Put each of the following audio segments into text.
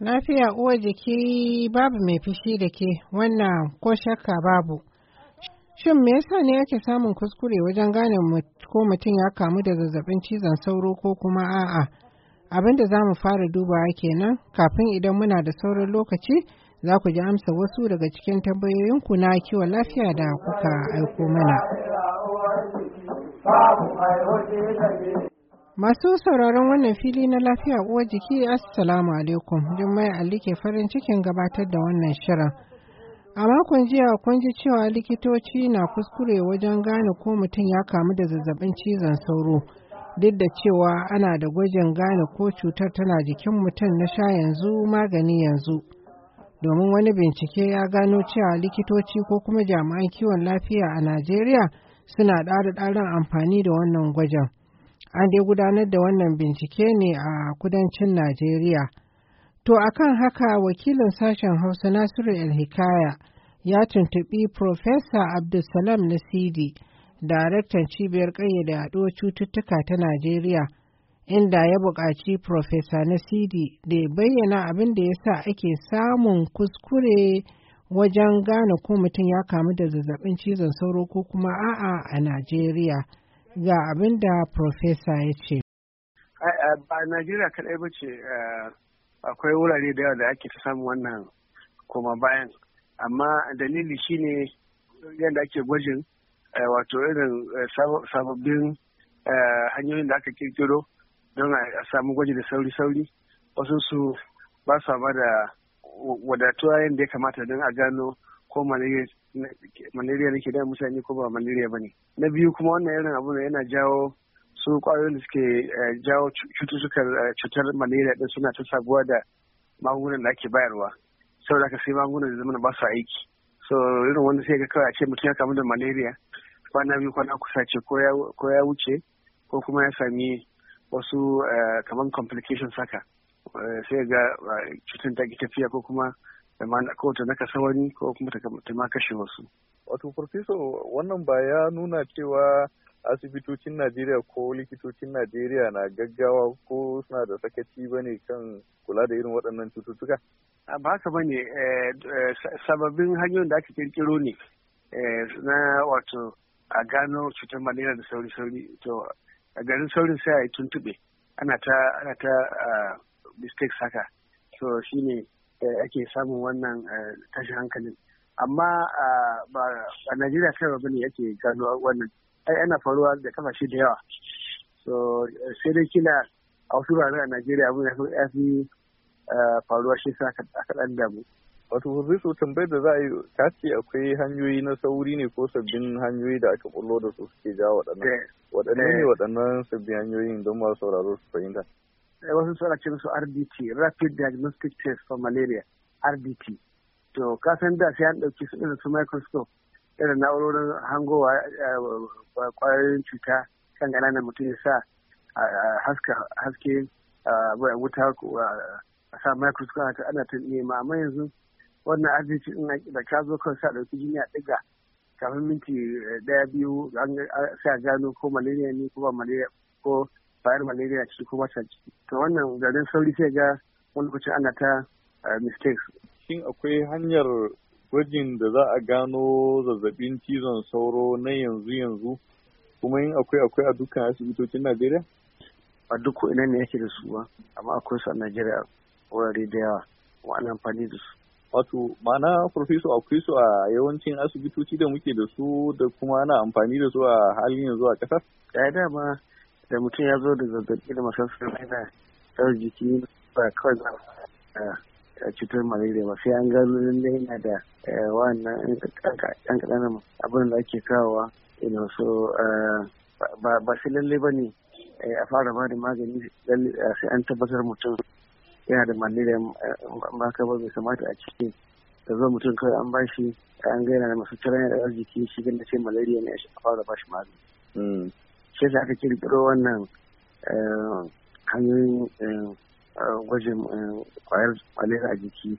Lafiya uwar jiki babu mai fushi da ke wannan ko shakka babu. Shin me yasa ne yake samun kuskure wajen gane ko mutum ya kamu da zazzabin cizon sauro ko kuma a'a? Abin da za mu fara dubawa kenan kafin idan muna da sauran lokaci za ku ji amsa wasu daga cikin tambayoyinku na kiwon lafiya da kuka aiko mana. Masu sauraron wannan fili na lafiya uwa jiki Assalamu alaikum Jummai Ali ke farin cikin gabatar da wannan shirin. A makon jiya kun ji cewa likitoci na kuskure wajen gane ko mutum ya kamu da zazzabin cizon sauro duk da cewa ana da gwajin gane ko cutar tana jikin mutum na sha yanzu magani yanzu. Domin wani bincike ya gano cewa likitoci ko kuma jami'an kiwon lafiya a Najeriya. suna ɗara ɗaran amfani da wannan gwajin. An dai gudanar da wannan bincike ne a kudancin Najeriya. To a kan haka wakilin sashen Hausa Nasiru El-Hikaya ya tuntuɓi Profesa Abdulsalam Nasidi, daraktan cibiyar ƙayyade yaɗuwar cututtuka ta Najeriya, inda ya buƙaci Profesa Nasidi da ya bayyana abin da ya sa ake samun kuskure wajen gane ko mutum ya kamu da zazzabin cizon sauro ko kuma a'a a Najeriya ga abin da Profesa ya ce. a Najeriya kaɗai ba ce akwai wurare da yawa da ake ta samun wannan koma bayan amma dalili shine yadda ake gwajin wato irin sababbin hanyoyin da aka kirkiro don a samu gwaji da sauri-sauri wasu su ba su da wadatuwa yadda ya kamata don a gano ko malaria ne ke da mutane ko ba malaria ba ne. Na biyu kuma wannan irin abu ne yana jawo su kwayoyin da suke eh, jawo cututtukan eh, cutar malaria din suna ta sabuwa da magungunan da ake bayarwa. Saboda ka sai magungunan da zama ba su aiki. So irin wanda sai ga kawai a ce mutum ya kamu da malaria kwana biyu kwana kusa ce ko ya wuce ko kuma ya sami wasu eh, kamar complications haka. Eh, sai ga eh, cutar ta ki tafiya ko kuma ko ta nakasa wani ko kuma ta ma kashe wasu. Wato farfiso wannan ba ya nuna cewa asibitocin Najeriya ko likitocin Najeriya na gaggawa ko suna da sakaci ba ne kan kula da irin waɗannan cututtuka? Ba haka ba ne eh, sababbin hanyoyin da aka kirkiro ne na wato a gano cutar malaria da sauri-sauri to a garin saurin sai a yi tuntuɓe ana ta ah, districts haka so shine eh, ake samun wannan eh, tashin hankalin amma ba a najeriya kai ba ne ake gano wannan ai ana faruwa da kafashe da yawa so sai dai kila a wasu wuraren a najeriya abin ya fi eh, faruwa shi sa aka da damu wato huzisu tambayar da za a yi ta ce akwai hanyoyi na sauri ne ko sabbin hanyoyi da aka bullo da su suke ja waɗannan waɗannan ne waɗannan sabbin hanyoyin don masu sauraro su fahimta Eh, wasu suna ce musu RDT Rapid Diagnostic Test for Malaria RDT to kasan da sai an ɗauki su irin su microscope irin na'urorin hangowa kwayoyin eh, cuta kan ƙananan mutum ya sa eh, haske wuta a sa microscope ana ta nema amma yanzu wannan RDT in da ka zo kan sa dauki jini a ɗiga kafin minti ɗaya biyu sai a gano ko malaria ne ko ba malaria ko kwayar malaria ciki ko ba ta ciki to wannan garin sauri sai ga wani lokacin ana ta eh, mistakes shin akwai hanyar gwajin da za a gano zazzabin cizon sauro na yanzu yanzu kuma yin akwai akwai a dukkan asibitocin najeriya a duk ina ne yake da su ba amma akwai su a najeriya wurare da yawa kuma an amfani da su wato ma'ana profeso akwai su a yawancin asibitoci da muke da su da kuma ana amfani da su a halin yanzu a kasar? ya eh, dama da mutum ya zo da zazzabi da masassan na tsar jiki ba kawai za a cutar malaria ba sai an ga lalle yana da eh, wannan ɗan kaɗan abin da ake kawowa ina so eh, ba sai lalle ba ne eh, a fara ba da magani sai an tabbatar mutum yana da malaria ba ka ba bai kamata a cikin da zo mutum kawai an bashi an gaina da masu tarayyar jiki shi gina ce malaria ne a fara bashi magani. Hmm. sai da aka kirkiro wannan eh, hanyoyin eh, eh, gwajin kwayar a jiki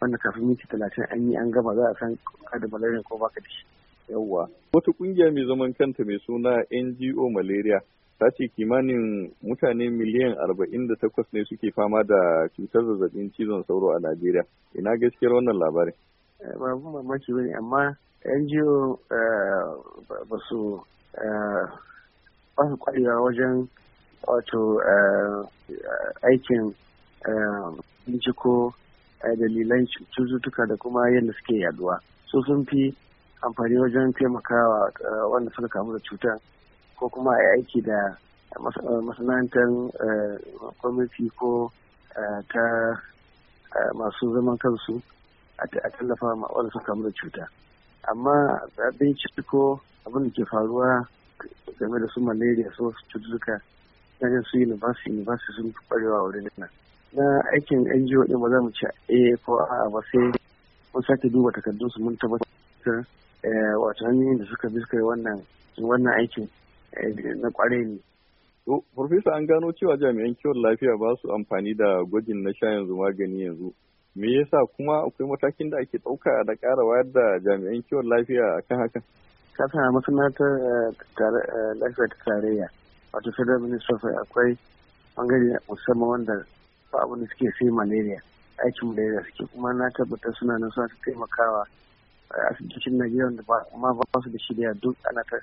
wanda kafin minti talatin an yi an gama za a san kada malaria ko baka da shi yawwa wata kungiya mai zaman kanta mai suna ngo malaria ta ce kimanin mutane miliyan arba'in da takwas ne suke fama da cutar zazzabin cizon sauro a najeriya ina gaskiyar wannan labarin babu mamaki ne, amma ngo ba su basu wajen wato eh, aikin eh, binciko eh, dalilan cututtuka da kuma yadda suke yaduwa su sun fi amfani wajen taimakawa wanda suka kamu da cutar ko kuma a aiki da masana'antar kwamiti ko ta masu zaman kansu a tallafa wanda suka kamu da cuta amma binciko abin da ke faruwa game da su malaria su wasu cututtuka ganin su university university sun fi kwarewa wurin nan na aikin NGO din ba za mu ci a ko a ba sai mun sake duba takardun su mun tabbatar eh, wato hanyoyin da suka bi suka wannan wannan aikin eh, na kware ne an gano cewa jami'an kiwon lafiya ba su amfani da gwajin na sha yanzu magani yanzu. Me yasa kuma akwai matakin da ake ɗauka da ƙara wayar da jami'an kiwon lafiya a kan hakan? kasa a masana'antar eh, eh, lafiya ta tarayya wato federal minister of akwai bangare musamman wanda ba abin da suke sai malaria aikin malaria suke kuma na tabbatar suna nan suna taimakawa eh, asibitocin najeriya wanda ma ba su da shi da duk ana ta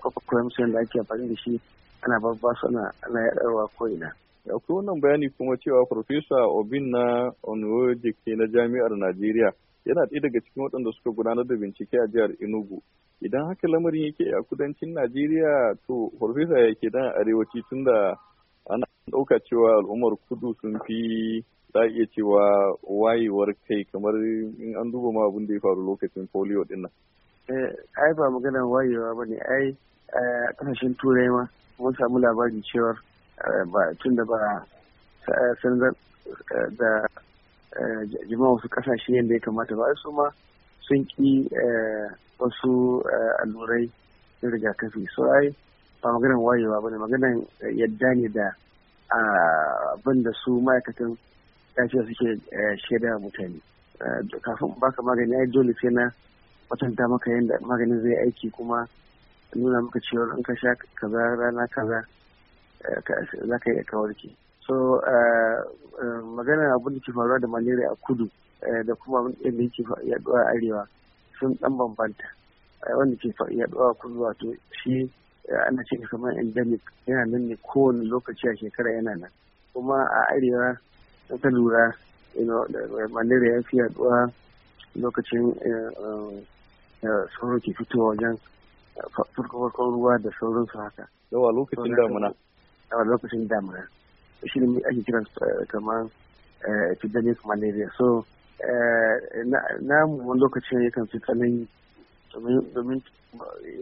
kwakwakwai musu yadda ake amfani da shi ana ba su ana yadarwa ko ina kuma wannan bayani kuma cewa farfesa obin na onuwoje ke na jami'ar najeriya yana ɗaya daga cikin waɗanda suka gudanar da bincike a jihar enugu idan haka lamarin yake a kudancin najeriya to farfesa yake dan arewaci tunda ana ɗauka cewa al'ummar kudu sun fi za cewa wayewar kai kamar in an duba ma abin da ya faru lokacin polio din nan. Eh, ai ba maganar wayewa ba ne ai eh, a kasashen turai ma mun samu labarin cewar eh, ba tun da ba san da jama'a wasu kasashe yadda ya kamata ba su ma sun ki eh, wasu eh, allurai na rigakafi so ai ba maganar wayewa ba ne maganar yadda ne da abin da su ma'aikatan lafiya suke eh, shaida mutane kafin baka magani ai dole sai na kwatanta maka yadda maganin zai aiki kuma nuna maka cewa in ka sha kaza rana kaza za ka yi kawarki so magana abin da ke faruwa da malaria a kudu Eh, da kuma abin da yake yaduwa arewa sun dan bambanta wanda ke yaduwa kudu wato shi eh, ana ce kamar endemic yana nan ne kowane lokaci a shekara yana nan kuma a arewa na ta lura malaria ya fi yaduwa lokacin eh, sauro ke fitowa wajen farko-farkon ruwa da sauransu haka yawa lokacin damuna a lokacin damuna shi ne ake kiran kamar epidemic malaria so Eh, namu wani lokacin yakan fi tsanani domin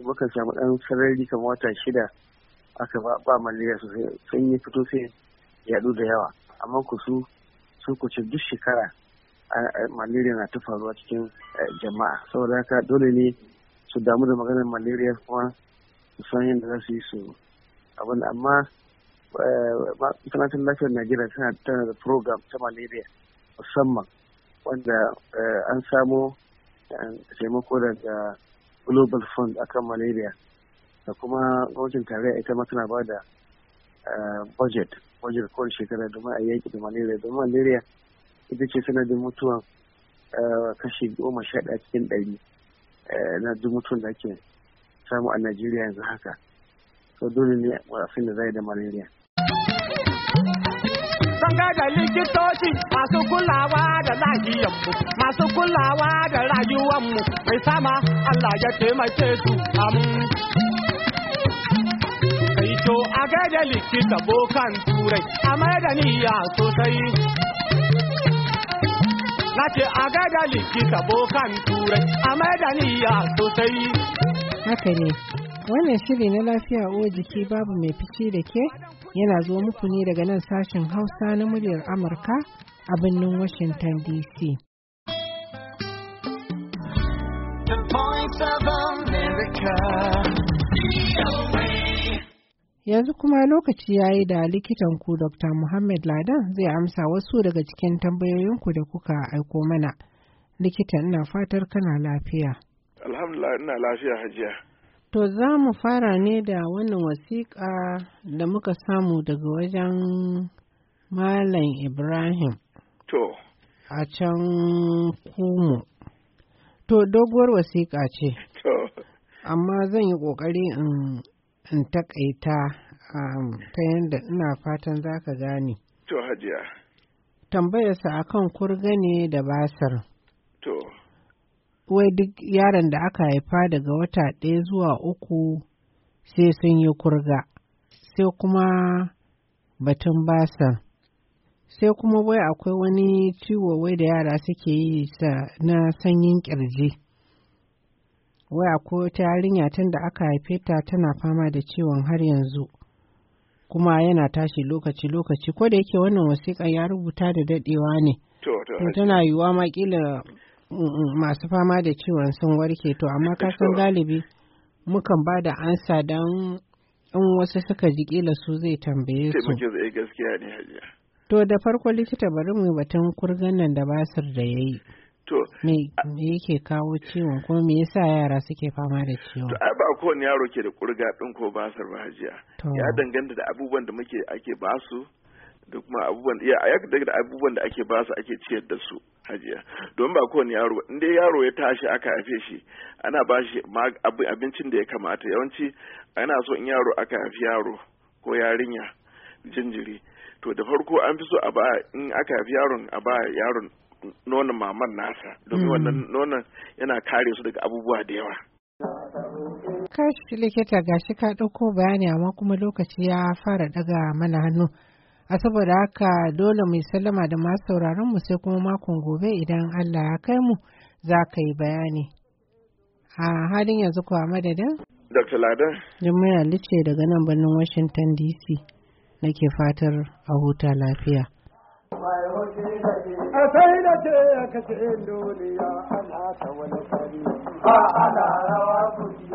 mukan samu ɗan sarari kamar wata shida aka ba maleriya sosai sun yi fito sai yadu da yawa amma ku su ku ce duk shekara malaria na ta faruwa cikin eh, jama'a saboda haka dole ne su damu da maganar malaria kuma su san yadda za su yi su abin amma eh, masana'antar lafiyar najeriya tana da program ta malaria musamman wanda eh, an samo taimako daga global fund akan malaria da kuma gwamnatin tarayya ita ma tana ba da eh, budget budget kowace shekara domin a yanki da malaria domin malaria ita ce sanadin mutuwan eh, kashi goma sha ɗaya cikin ɗari na duk mutuwan da ake samu a najeriya yanzu haka so dole ne a da zai da malaria Zan da likitoci masu kulawa da lahiyanmu, masu kulawa da rayuwanmu, mai sama Allah ya taimake su Kai to a gaida likita bokan turai, a mai da niyya sosai. na ce a gada likita bokan turai a ya sosai. Haka ne, wannan shiri na lafiya uwa jiki babu mai fici da ke yana zo muku ne daga nan sashen Hausa na muryar Amurka a birnin Washington DC. Yanzu kuma lokaci ya yi da likitan ku Dr. Muhammad Ladan zai amsa wasu daga cikin tambayoyinku da kuka aiko mana. Likitan ina fatar kana lafiya. Alhamdulillah ina lafiya hajiya. To za mu fara ne da wannan wasiƙa da muka samu daga wajen Malam Ibrahim. To. A can kumu. To doguwar wasiƙa ce. Amma zan yi ƙoƙari in taƙaita um, ta yadda ina fatan za ka gane. To hajiya. Tambayarsa akan kurga ne da basar. wai duk yaron da aka haifa daga wata ɗaya zuwa uku sai sun yi kurga sai kuma batun basa sai kuma wai akwai wani ciwo wai da yara suke yi na sanyin kirji wai akwai wata yarinya tun da aka haife ta tana fama da ciwon har yanzu kuma yana tashi lokaci-lokaci ko da yake wannan wasiƙa ya rubuta da daɗewa ne tana yiwuwa ma kila Mm, mm, masu fama da ciwon sun warke to amma kasan galibi mukan ba da ansa don in wasu suka ji kila su zai tambaye su. Eh, to da farko likita bari mu batun kurgan nan da basir da ya yi. To me yake kawo ciwon ko me yasa yara suke fama da ciwon? To ai ba kowane yaro ke da kurga din ko basir ba hajiya. Ya danganta da abubuwan da muke ake basu da kuma abubuwan iya ya da abubuwan da ake basu ake ciyar da su. hajiya don ba kowane yaro inda yaro ya tashi aka haife shi ana ba shi abincin da ya kamata yawanci ana so in yaro aka haifi yaro ko yarinya jinjiri to da farko an fi so a ba in aka haifi yaron a ba yaron nonon maman nasa domin hmm. wannan nonon yana kare su daga abubuwa da yawa kashi likita gashi ka ɗauko bayani amma kuma lokaci ya fara daga mana hannu a saboda haka dole mu sallama da masu sauraron mu sai kuma makon gobe idan Allah ya kai mu za ka yi bayani. A halin yanzu kuwa madadin? Dr. Ladan. Jami'a Lice daga nan birnin Washington DC nake fatar a huta lafiya. ka ce